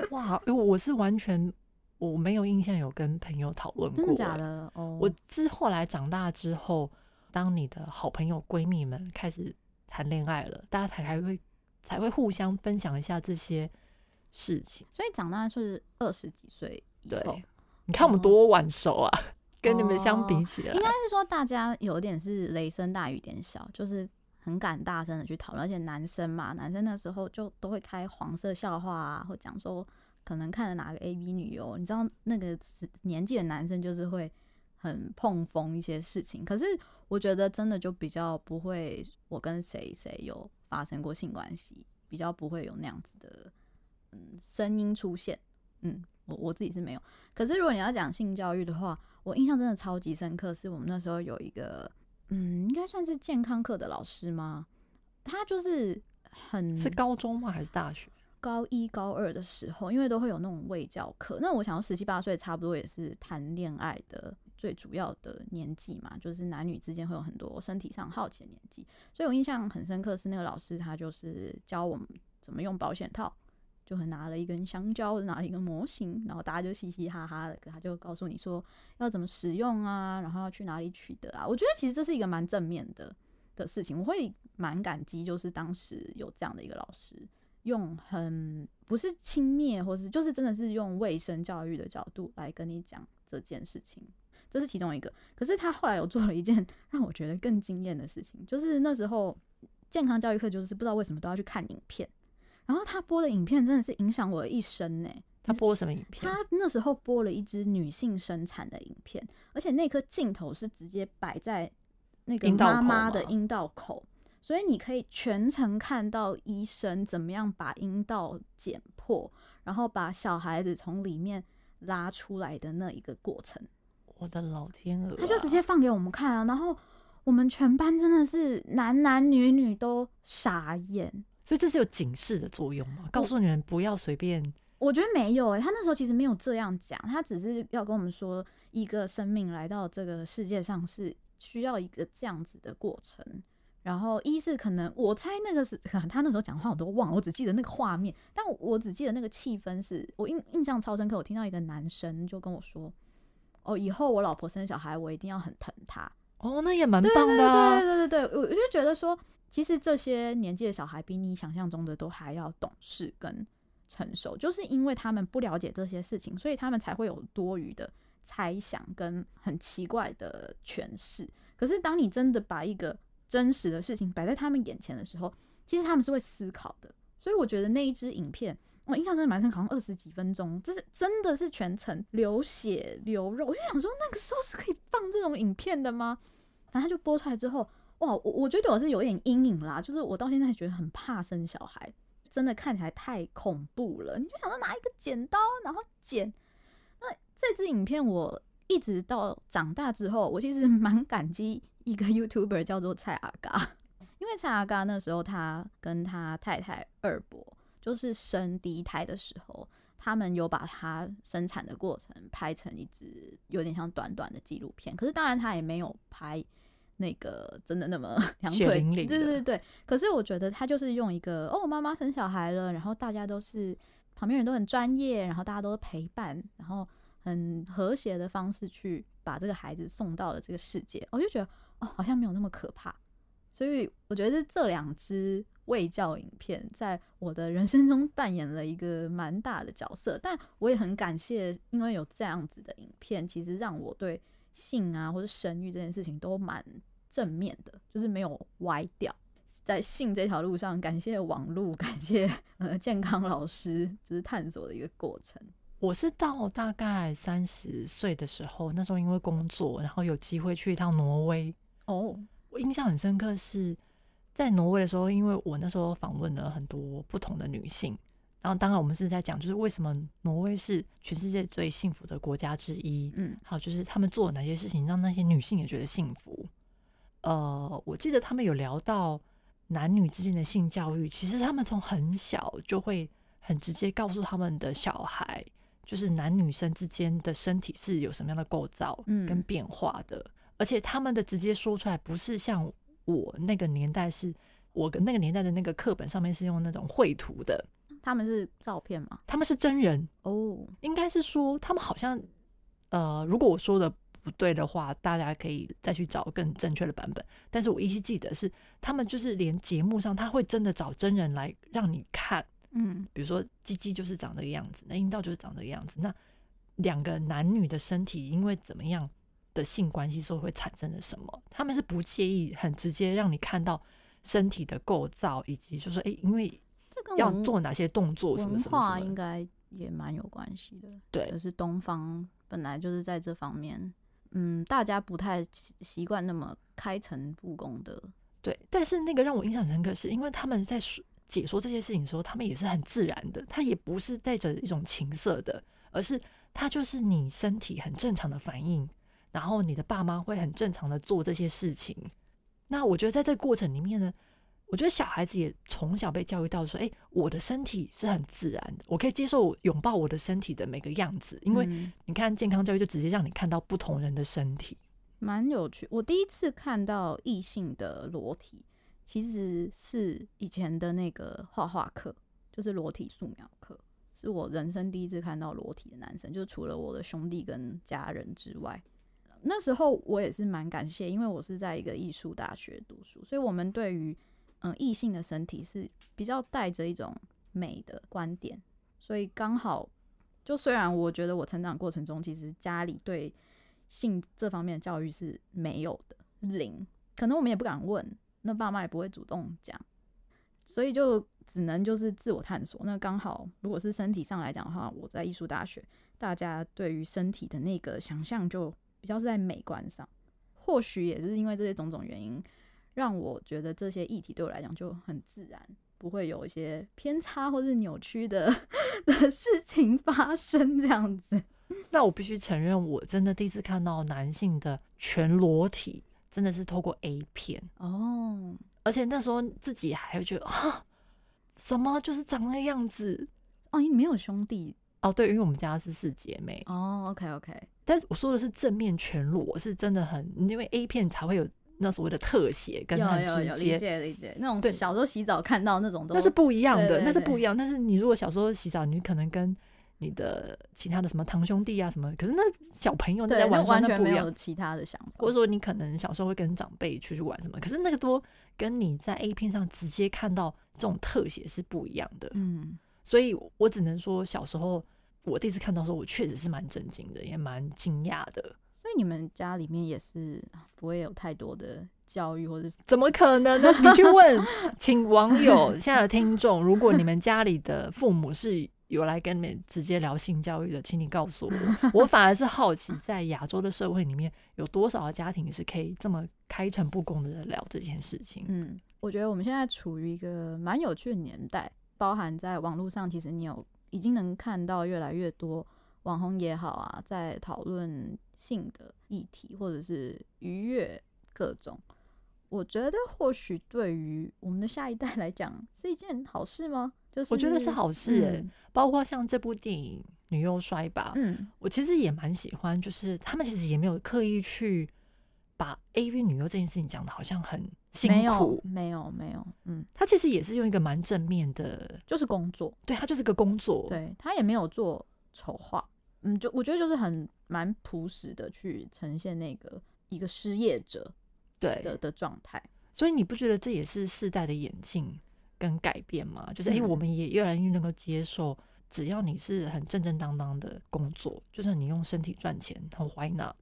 [LAUGHS] 哇，因為我是完全我沒有印象有跟朋友討論過。真的假的？哦、oh.，我之後來長大之後，當你的好朋友閨蜜們開始談戀愛了，大家才才會才會互相分享一下這些事情。所以長大就是二十幾歲。對，你看我們多晚熟啊，oh. 跟你們相比起來，oh. 應該是說大家有點是雷聲大雨點小，就是。很敢大聲的去討論，而且男生嘛，男生那時候就都會開黃色笑話啊，或講說可能看了哪個 AV 女優、哦，你知道那個年紀的男生就是會很碰鋒一些事情。可是我覺得真的就比較不會，我跟誰誰有發生過性關係，比較不會有那樣子的嗯聲音出現。嗯，我我自己是沒有。可是如果你要講性教育的話，我印象真的超級深刻，是我們那時候有一個。嗯，應該算是健康課的老師嗎？他就是很，是高中嗎？還是大學？高一、高二的時候，因為都會有那種衛教課。那我想說十七八歲，差不多也是談戀愛的最主要的年紀嘛，就是男女之間會有很多身體上好奇的年紀。所以我印象很深刻是那個老師，他就是教我們怎麼用保險套。就很拿了一根香蕉，拿了一個模型，然後大家就嘻嘻哈哈的，可他就告訴你說要怎麼使用啊，然後要去哪裡取得啊。我覺得其實這是一個蠻正面的的事情，我會蠻感激，就是當時有這樣的一個老師，用很不是輕蔑，或是就是真的是用衛生教育的角度來跟你講這件事情，這是其中一個。可是他後來有做了一件讓我覺得更驚艷的事情，就是那時候健康教育課就是不知道為什麼都要去看影片。然後他播的影片真的是影響我的一生呢、欸。他播什麼影片？他那時候播了一支女性生產的影片，而且那顆鏡頭是直接擺在那個媽媽的陰道口，口所以你可以全程看到醫生怎麼樣把陰道剪破，然後把小孩子從裡面拉出來的那一個過程。我的老天鵝、啊，他就直接放給我們看啊！然後我們全班真的是男男女女都傻眼。所以這是有警示的作用嘛？告訴你們不要隨便我。我覺得沒有哎、欸，他那時候其實沒有這樣講，他只是要跟我們說，一個生命來到這個世界上是需要一個這樣子的過程。然後一是可能，我猜那個是，他那時候講話我都忘了，我只記得那個畫面，但我，我只記得那個氣氛是我印印象超深刻。我聽到一個男生就跟我說：“哦，以後我老婆生小孩，我一定要很疼他。”哦，那也蠻棒的啊。對對對對對，我就覺得說。其實這些年紀的小孩比你想象中的都還要懂事跟成熟，就是因為他們不了解這些事情，所以他們才會有多餘的猜想跟很奇怪的詮釋。可是當你真的把一個真實的事情擺在他們眼前的時候，其實他們是會思考的。所以我覺得那一支影片，我印象真的蠻深，好像二十幾分鐘，就是真的是全程流血流肉。我就想說，那個時候是可以放這種影片的嗎？反正就播出來之後。哇，我我覺得我是有點陰影啦，就是我到現在覺得很怕生小孩，真的看起來太恐怖了。你就想到拿一個剪刀，然後剪，那這支影片，我一直到長大之後，我其實蠻感激一個 YouTuber 叫做蔡阿嘎， [LAUGHS] 因為蔡阿嘎那時候他跟他太太二伯就是生第一胎的時候，他們有把他生產的過程拍成一支有點像短短的紀錄片。可是當然他也沒有拍。那個真的那麼兩腿血淋淋的，對對對，可是我覺得他就是用一個哦，媽媽生小孩了，然後大家都是旁邊人都很專業，然後大家都陪伴，然後很和諧的方式去把這個孩子送到了這個世界，我、哦、就覺得哦，好像沒有那麼可怕。所以我覺得這兩支衛教影片在我的人生中扮演了一個蠻大的角色，但我也很感謝，因為有這樣子的影片，其實讓我對性啊或者生育這件事情都蠻。正面的，就是沒有歪掉，在性這條路上，感謝網路，感謝呃健康老師，就是探索的一個過程。我是到大概三十歲的時候，那時候因為工作，然後有機會去一趟挪威。哦，oh, 我印象很深刻是，是在挪威的時候，因為我那時候訪問了很多不同的女性，然後當然我們是在講，就是為什麼挪威是全世界最幸福的國家之一。嗯，好，就是他們做了哪些事情讓那些女性也覺得幸福。呃，我記得他們有聊到男女之間的性教育，其實他們從很小就會很直接告訴他們的小孩，就是男女生之間的身體是有什麼樣的構造，跟變化的，嗯，而且他們的直接說出來，不是像我那個年代是，是我那個年代的那個課本上面是用那種繪圖的，他們是照片嗎？他們是真人哦，應該是說他們好像，呃，如果我說的。不對的話，大家可以再去找更正確的版本。但是我依稀記得是他們就是連節目上他會真的找真人來讓你看，嗯，比如說雞雞就是長這個樣子，那陰道就是長這個樣子，那兩個男女的身體因為怎麼樣的性關係時候會產生了什麼？他們是不介意很直接讓你看到身體的構造，以及就是哎、欸，因為要做哪些動作，什麼，什麼的，這跟我們文化應該也蠻有關係的。對，就是東方本來就是在這方面。嗯，大家不太習慣那麼開誠布公的。對，但是那個讓我印象深刻，是因為他們在說解說這些事情的時候，他們也是很自然的，他也不是帶着一種情色的，而是他就是你身體很正常的反應，然後你的爸媽會很正常的做這些事情。那我覺得在這個過程裡面呢。我覺得小孩子也從小被教育到說：“欸，我的身體是很自然的，我可以接受擁抱我的身體的每個樣子。”因為你看，健康教育就直接讓你看到不同人的身體，嗯，蠻有趣。我第一次看到異性的裸體，其實是以前的那個畫畫課，就是裸體素描課，是我人生第一次看到裸體的男生，就是除了我的兄弟跟家人之外。那時候我也是蠻感謝，因為我是在一個藝術大學讀書，所以我們對於嗯，異性的身體是比較帶着一種美的觀點，所以剛好就，雖然我覺得我成長過程中其實家裡對性這方面的教育是沒有的，零，可能我們也不敢問，那爸媽也不會主動講，所以就只能就是自我探索。那剛好如果是身體上來講的話，我在藝術大學，大家對於身體的那個想象就比較是在美觀上，或許也是因為這些種種原因。讓我覺得這些議題對我來講就很自然，不會有一些偏差或是扭曲的的事情發生這樣子。那我必須承認，我真的第一次看到男性的全裸體，真的是透過 A 片哦。而且那時候自己還會覺得啊，怎麼就是長那樣子？哦，你沒有兄弟哦？對，因為我們家是四姐妹哦。OK OK，但是我說的是正面全裸，我是真的很因為 A 片才會有。那所謂的特寫，跟他直接有有有理解理解那種小時候洗澡看到那種都，那是不一樣的，對對對對，那是不一樣。但是你如果小時候洗澡，你可能跟你的其他的什麼堂兄弟啊什麼，可是那小朋友大家玩的不一樣，完全沒有其他的想法，或者說你可能小時候會跟長輩出去，去玩什麼，可是那個都跟你在 A 片上直接看到這種特寫是不一樣的。嗯，所以我只能說，小時候我第一次看到的時候，我確實是蠻震驚的，也蠻驚訝的。因為你們家裡面也是不會有太多的教育或是，或者怎麼可能呢？你去問， [LAUGHS] 請網友、現在的聽眾， [LAUGHS] 如果你們家裡的父母是有來跟你們直接聊性教育的，請你告訴我。我反而是好奇，在亞洲的社會裡面，有多少的家庭是可以這麼開誠布公的聊這件事情？嗯，我覺得我們現在處於一個蠻有趣的年代，包含在網絡上，其實你有已經能看到越來越多。網紅也好啊，在討論性的議題或者是愉悅各種，我覺得或許對於我們的下一代來講是一件好事嗎？就是、那個、我覺得是好事、欸，嗯、包括像這部電影《女優摔吧》，嗯，我其實也蠻喜歡，就是他們其實也沒有刻意去把 A V 女優這件事情講的好像很辛苦。沒有，沒有，沒有，嗯，他其實也是用一個蠻正面的，就是工作，對他就是個工作，對他也沒有做。醜化，嗯，就我覺得就是很蠻樸實的去呈現那個一個失業者的對的的狀態，所以你不覺得這也是世代的演進跟改變嗎？就是誒、嗯、欸，我們也越來越能夠接受，只要你是很正正當當的工作，就算、是、你用身體賺錢，好、oh，Why not？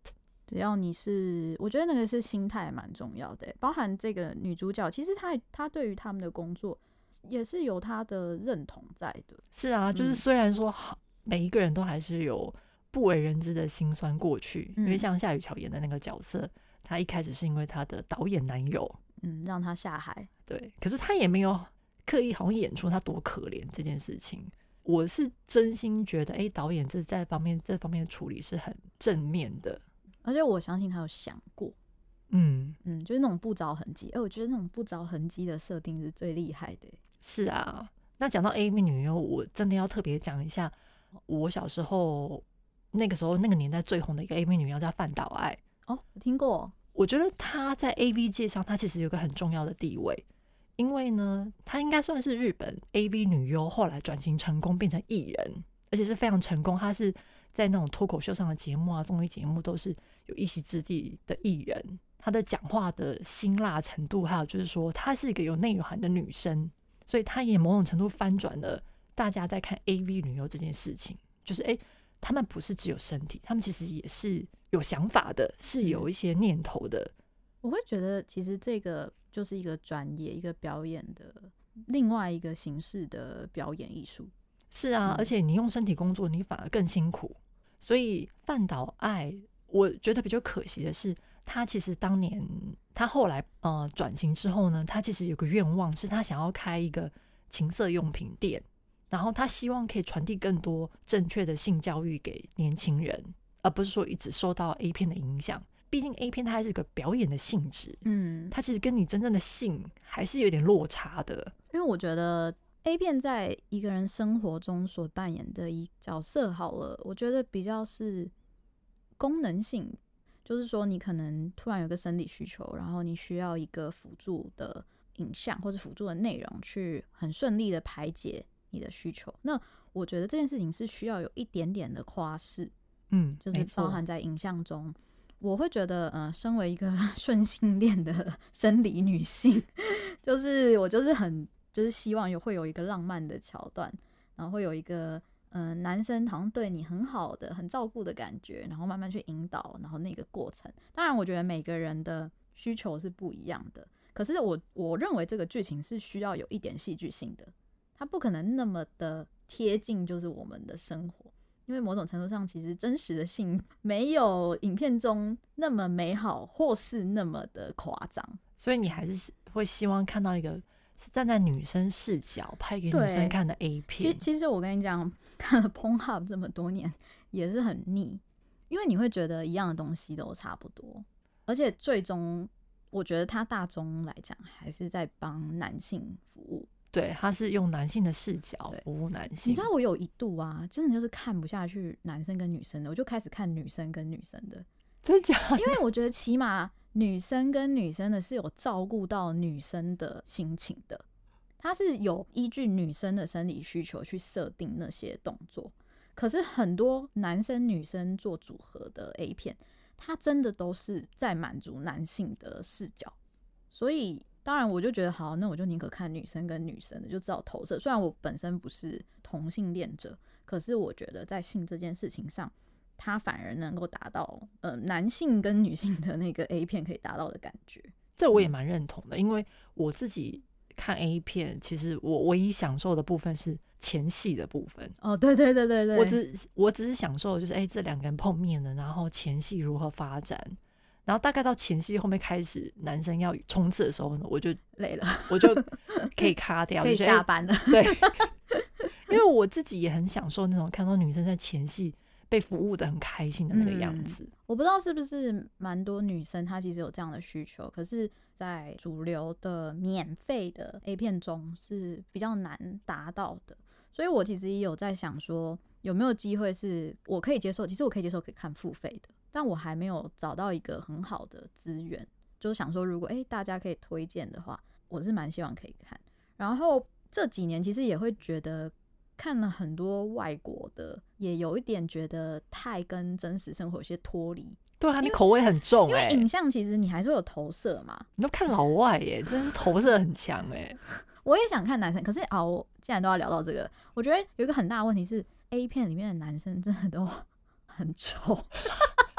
只要你是，我覺得那個是心態蠻重要的、欸，包含這個女主角，其實她她對於他們的工作也是有她的認同在的。對是啊，就是雖然說好。嗯每一個人都還是有不為人知的心酸過去，嗯、因為像夏雨喬演的那個角色，他一開始是因為他的導演男友，嗯，讓他下海，對，可是他也沒有刻意好像演出他多可憐這件事情。我是真心覺得，誒、欸，導演這在這方面這方面的處理是很正面的，而且我相信他有想過，嗯嗯，就是那種不着痕跡，哎、欸，我覺得那種不着痕跡的設定是最厲害的。是啊，那講到 AV 女優，我真的要特別講一下。我小時候那個時候那個年代最紅的一個 AV 女優叫飯島愛哦，聽過。我覺得她在 AV 界上她其實有個很重要的地位，因為呢，她應該算是日本 AV 女優後來轉型成功變成藝人，而且是非常成功。她是在那種脫口秀上的節目啊、綜藝節目都是有一席之地的藝人。她的講話的辛辣程度，還有就是說她是一個有內涵的女生，所以她也某種程度翻轉了。大家在看 AV 女優這件事情，就是誒、欸，他們不是只有身體，他們其實也是有想法的，是有一些念頭的。我會覺得，其實這個就是一個專業、一個表演的另外一個形式的表演藝術。是啊，嗯、而且你用身體工作，你反而更辛苦。所以，飯島愛，我覺得比較可惜的是，他其實當年，他後來呃轉型之後呢，他其實有個願望，是他想要開一個情色用品店。然後他希望可以傳遞更多正確的性教育給年輕人，而不是說一直受到 A 片的影響。畢竟 A 片它還是個表演的性質，嗯，它其實跟你真正的性還是有點落差的。因為我覺得 A 片在一個人生活中所扮演的一角色，好了，我覺得比較是功能性，就是說你可能突然有個生理需求，然後你需要一個輔助的影像或者輔助的內容去很順利的排解你的需求，那我覺得這件事情是需要有一點點的誇飾，嗯，就是包含在影像中。沒錯。我會覺得，嗯、呃，身為一個順性戀的生理女性，就是我就是很就是希望有會有一個浪漫的橋段，然後會有一個嗯、呃、男生好像對你很好的、很照顧的感覺，然後慢慢去引導，然後那個過程。當然，我覺得每個人的需求是不一樣的，可是我我認為這個劇情是需要有一點戲劇性的。他不可能那麼的貼近，就是我們的生活，因為某種程度上，其實真實的性沒有影片中那麼美好，或是那麼的誇張。所以你還是會希望看到一個是站在女生視角拍給女生看的 A 片。其實，其實我跟你講，看了 Pornhub 這麼多年，也是很膩，因為你會覺得一樣的東西都差不多，而且最終我覺得他大眾來講還是在幫男性服務。對，他是用男性的視角對服務男性。你知道我有一度啊，真的就是看不下去男生跟女生的，我就開始看女生跟女生的。真假？因為我覺得起碼女生跟女生的，是有照顧到女生的心情的，他是有依據女生的生理需求去設定那些動作。可是很多男生女生做組合的 A 片，他真的都是在滿足男性的視角，所以。當然，我就覺得好，那我就寧可看女生跟女生的，就知道投射。雖然我本身不是同性戀者，可是我覺得在性這件事情上，他反而能夠達到呃男性跟女性的那個 A 片可以達到的感覺。這我也蠻認同的，因為我自己看 A 片，其實我唯一享受的部分是前戲的部分。哦，對對對對對，我只我只是享受就是哎、欸，這兩個人碰面了，然後前戲如何發展。然後大概到前戲後面開始，男生要衝刺的時候呢，我就累了， [LAUGHS] 我就可以卡掉，可以下班了。對，因為我自己也很享受那種看到女生在前戲被服務得很開心的那個樣子，嗯。我不知道是不是蠻多女生她其實有這樣的需求，可是在主流的免費的 A 片中是比較難達到的。所以我其實也有在想說，有沒有機會是我可以接受？其實我可以接受，可以看付費的。但我還沒有找到一個很好的資源，就是想說，如果哎、欸、大家可以推薦的話，我是蠻希望可以看。然後這幾年其實也會覺得看了很多外國的，也有一點覺得太跟真實生活有些脫離。對啊，為你口味很重、欸。因為影像其實你還是會有投射嘛。你都看老外耶、欸， [LAUGHS] 真是投射很強哎、欸。 [LAUGHS] 我也想看男生，可是哦，啊、既然都要聊到這個，我覺得有一個很大的問題是 A 片裡面的男生真的都很醜。 [LAUGHS]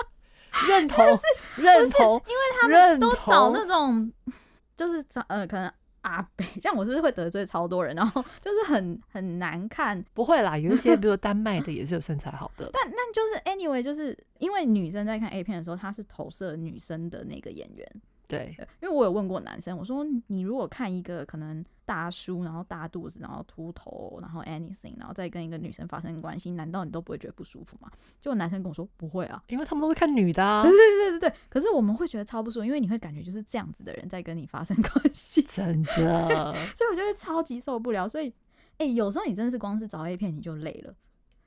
認同，但是認同但是，因為他們都找那種，同就是找呃，可能啊，這樣我是不是會得罪超多人，然後就是很很難看。不會啦，有一些比如丹麥的也是有身材好的。 [LAUGHS] 但那就是 anyway，就是因為女生在看 A 片的時候，她是投射女生的那個演員。對，對，因為我有問過男生，我說你如果看一個可能。大叔，然後大肚子，然後禿頭，然後 anything，然後再跟一個女生發生關係，難道你都不會覺得不舒服嗎？結果男生跟我說不會啊，因為他們都是看女的啊。對對對對對。可是我們會覺得超不舒服，因為你會感覺就是這樣子的人在跟你發生關係，真的。 [LAUGHS] 所以我覺得超級受不了。所以，哎，有時候你真的是光是找 A 片你就累了，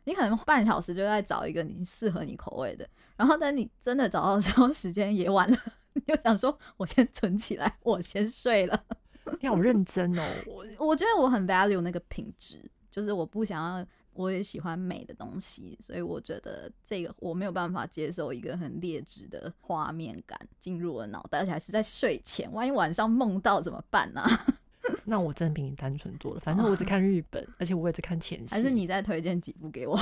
你可能半小時就在找一個你適合你口味的，然後等你真的找到之後，時間也晚了， [LAUGHS] 你又想說我先存起來，我先睡了。你好認真哦！ [LAUGHS] 我我覺得我很 value 那個品質，就是我不想要，我也喜歡美的東西，所以我覺得這個我沒有辦法接受一個很劣質的畫面感進入我的腦袋，而且還是在睡前，萬一晚上夢到怎麼辦呢、啊？ [LAUGHS] 那我真的比你單純多了，反正我只看日本， [LAUGHS] 而且我也只看前戲。還是你在推薦幾部給我？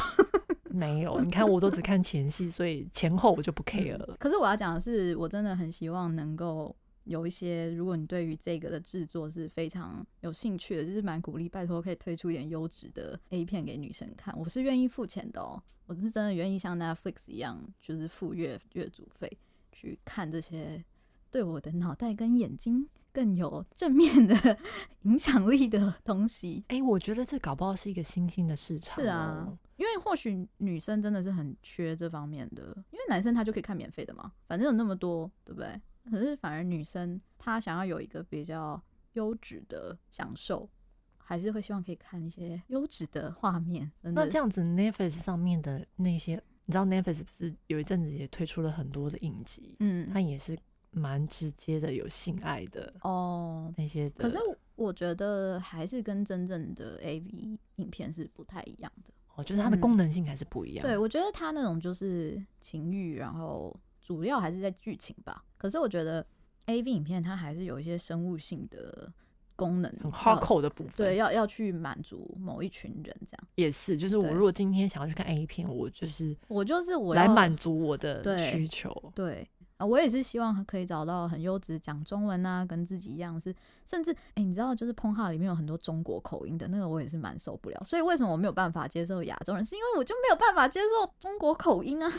[LAUGHS] 沒有，你看我都只看前戲，所以前後我就不 care 了。 [LAUGHS] 可是我要講的是，我真的很希望能夠。有一些，如果你對於這個的制作是非常有興趣的，就是蠻鼓勵，拜託可以推出一點優質的 A 片給女生看。我是願意付錢的哦，我是真的願意像 Netflix 一樣，就是付月月租費去看這些對我的腦袋跟眼睛更有正面的 [LAUGHS] 影響力的東西。哎、欸，我覺得這搞不好是一個新興的市場，哦。是啊，因為或許女生真的是很缺這方面的，因為男生他就可以看免費的嘛，反正有那麼多，對不對？可是反而女生她想要有一個比較優質的享受，還是會希望可以看一些優質的畫面。那這樣子，Netflix 上面的那些，你知道 Netflix 不是有一陣子也推出了很多的影集，嗯，它也是蠻直接的，有性愛的哦，那些的。可是我覺得還是跟真正的 AV 影片是不太一樣的，哦，就是它的功能性還是不一樣。嗯。對，我覺得它那種就是情慾，然後。主要還是在劇情吧，可是我覺得 A V 影片它還是有一些生物性的功能，很 hardcore 要的部分，對，要要去滿足某一群人這樣。也是，就是我如果今天想要去看 A 片，對我就是我就是我來滿足我的需求。對啊，我也是希望可以找到很優質講中文啊，跟自己一樣是，甚至哎，欸、你知道就是 Pornhub 裡面有很多中國口音的那個，我也是蠻受不了。所以為什麼我沒有辦法接受亞洲人，是因為我就沒有辦法接受中國口音啊。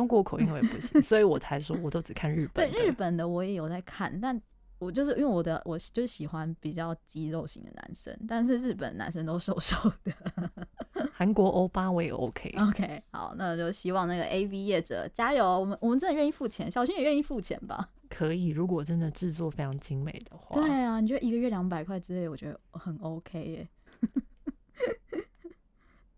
中國口音我也不行，所以我才說我都只看日本 [LAUGHS] 對，日本的我也有在看，但我就是因為我的我就喜歡比較肌肉型的男生，但是日本男生都瘦瘦的。韓 [LAUGHS] 國歐巴我也 OK。 [LAUGHS] OK，好，那就希望那個 AV 業者加油。我們我們真的願意付錢，小薰也願意付錢吧？可以，如果真的制作非常精美的話，對啊，你覺得一個月兩百塊之類，我覺得很 OK 耶。 [LAUGHS]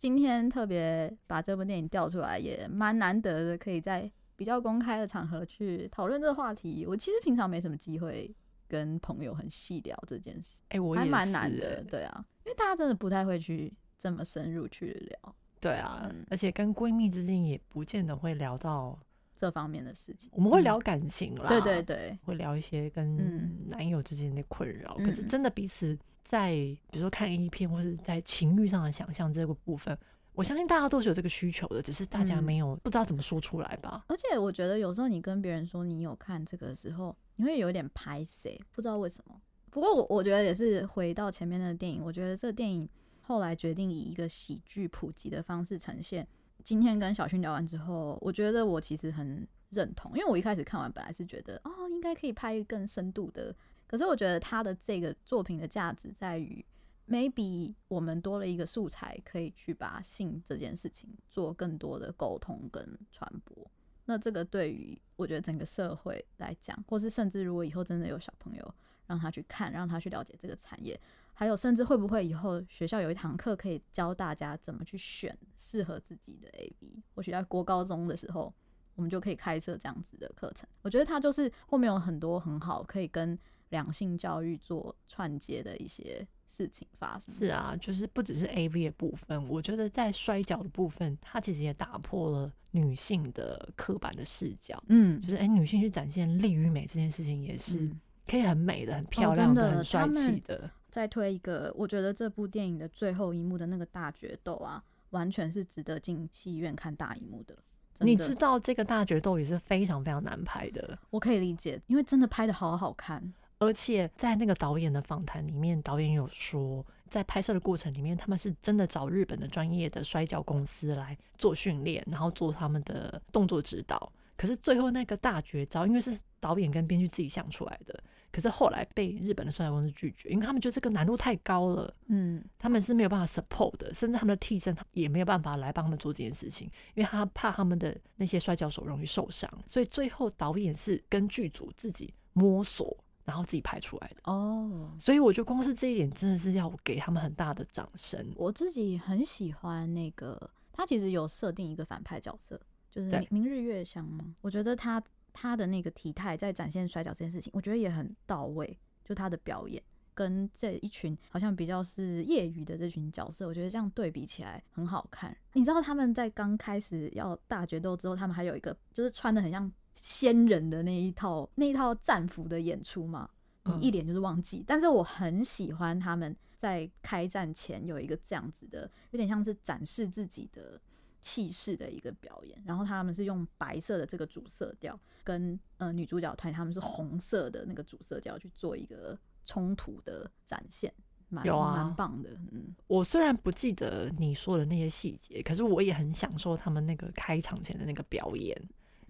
今天特別把這部電影調出來，也蠻難得的，可以在比較公開的場合去討論這個話題。我其實平常沒什麼機會跟朋友很細聊這件事，哎，欸、我也、欸、還蠻難得的，對啊，因為大家真的不太會去這麼深入去聊。對啊，嗯、而且跟閨蜜之間也不見得會聊到這方面的事情。我們會聊感情啦，嗯、對對對，會聊一些跟男友之間的困擾，嗯、可是真的彼此。在比如說看影片，或者在情欲上的想象這個部分，我相信大家都是有這個需求的，只是大家沒有不知道怎麼說出來吧。嗯，而且我覺得有時候你跟別人說你有看這個的時候，你會有點拍謝，不知道為什麼。不過我我覺得也是回到前面的電影，我覺得這個電影後來決定以一個喜劇普及的方式呈現。今天跟小薰聊完之後，我覺得我其實很認同，因為我一開始看完本來是覺得哦，應該可以拍更深度的。可是我覺得他的這個作品的價值在於，maybe 我們多了一個素材，可以去把性這件事情做更多的溝通跟傳播。那這個對於我覺得整個社會來講，或是甚至如果以後真的有小朋友讓他去看，讓他去了解這個產業，還有甚至會不會以後學校有一堂課可以教大家怎麼去選適合自己的 AV，或許在國高中的時候我們就可以開設這樣子的課程。我覺得他就是後面有很多很好可以跟。兩性教育做串接的一些事情發生。是啊，就是不只是 AV 的部分，我覺得在摔角的部分，它其實也打破了女性的刻板的視角。嗯，就是、欸、女性去展現力與美這件事情，也是可以很美的、很漂亮、的、很帥氣的。的再推一個，我覺得這部電影的最後一幕的那個大決鬥啊，完全是值得進戲院看大熒幕的。的你知道這個大決鬥也是非常非常難拍的。我可以理解，因為真的拍得好好看。而且在那個導演的訪談裡面，導演有說，在拍攝的過程裡面，他們是真的找日本的專業的摔跤公司來做訓練，然後做他們的動作指導。可是最後那個大絕招，因為是導演跟編劇自己想出來的，可是後來被日本的摔跤公司拒絕，因為他們覺得這個難度太高了，嗯，他們是沒有辦法 support 的，甚至他們的替身也沒有辦法來幫他們做這件事情，因為他怕他們的那些摔跤手容易受傷，所以最後導演是跟劇組自己摸索。然後自己拍出來的哦，oh, 所以我就光是這一點真的是要給他們很大的掌聲。我自己很喜歡那個他，其實有設定一個反派角色，就是明日月相嗎？對我覺得他他的那個體態在展現摔角這件事情，我覺得也很到位。就他的表演跟這一群好像比較是業餘的這群角色，我覺得這樣對比起來很好看。你知道他們在剛開始要大決鬥之後，他們還有一個就是穿得很像。仙人的那一套，那一套戰服的演出嘛，你一臉就是忘記。嗯、但是我很喜歡他們在開戰前有一個這樣子的，有點像是展示自己的氣勢的一個表演。然後他們是用白色的這個主色調，跟呃女主角團他們是紅色的那個主色調，哦、去做一個衝突的展現，蠻有蠻、啊、棒的。嗯，我雖然不記得你說的那些細節，可是我也很享受他們那個開場前的那個表演。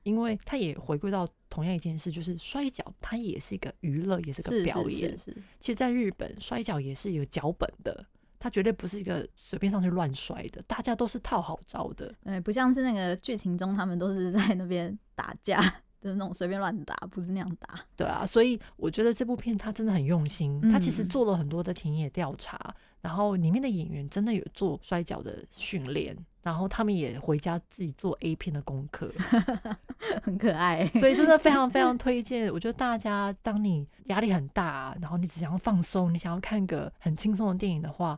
因為他也回歸到同樣一件事，就是摔角，它也是一個娛樂，是也是個表演。其實，在日本，摔角也是有腳本的，它絕對不是一個隨便上去亂摔的，大家都是套好招的。對，不像是那個劇情中，他們都是在那邊打架，就是那種隨便亂打，不是那樣打。對啊，所以我覺得這部片他真的很用心，嗯、他其實做了很多的田野調查。然後裡面的演員真的有做摔角的訓練，然後他們也回家自己做 A 片的功課， [LAUGHS] 很可愛。所以真的非常非常推薦。 [LAUGHS] 我覺得大家當你壓力很大，然後你只想要放鬆，你想要看個很輕鬆的電影的話，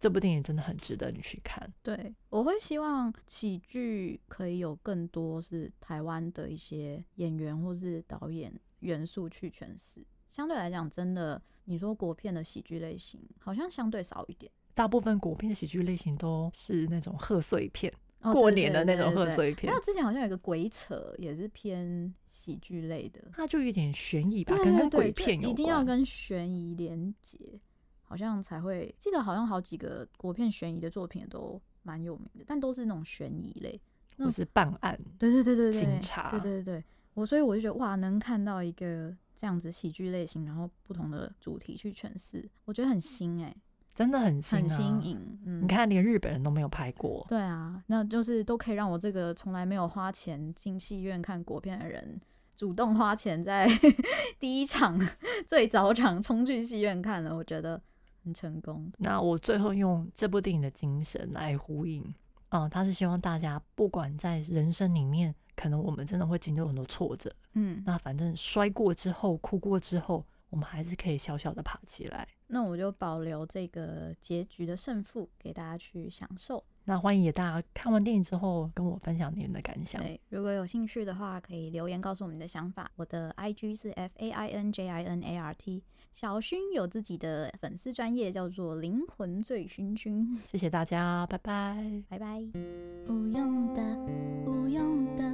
這部電影真的很值得你去看。對，我會希望喜劇可以有更多是台灣的一些演員或是導演元素去詮釋。相對來講，真的，你說國片的喜劇類型好像相對少一點，大部分國片的喜劇類型都是那種賀歲片，喔、過年的那種賀歲片。那之前好像有一個鬼扯，也是偏喜劇類的，它就有點懸疑吧，對對對跟，跟鬼片有，一定要跟懸疑連結，好像才會記得，好像好幾個國片懸疑的作品也都蠻有名的，但都是那種懸疑類，那種是辦案，對對對對對，警察，對，對對對，我所以我就覺得哇，能看到一個，這樣子喜劇類型，然後不同的主題去詮釋，我覺得很新誒、欸，真的很新、啊，很新穎。嗯、你看，連日本人都沒有拍過，對啊，那就是都可以讓我這個從來沒有花錢進戲院看國片的人，主動花錢在 [LAUGHS] 第一場、最早場衝去戲院看了，我覺得很成功。那我最後用這部電影的精神來呼應，哦、嗯，他是希望大家不管在人生裡面。可能我們真的會經歷很多挫折，嗯，那反正摔過之後、哭過之後，我們還是可以小小的爬起來。那我就保留這個結局的勝負給大家去享受。那歡迎也大家看完電影之後跟我分享你們的感想。對，如果有興趣的話，可以留言告訴我們的想法。我的 I G 是 F A I N J I N A R T。小薰有自己的粉絲專頁叫做靈魂醉醺薰。謝謝大家，拜拜，拜拜。不用的，不用的。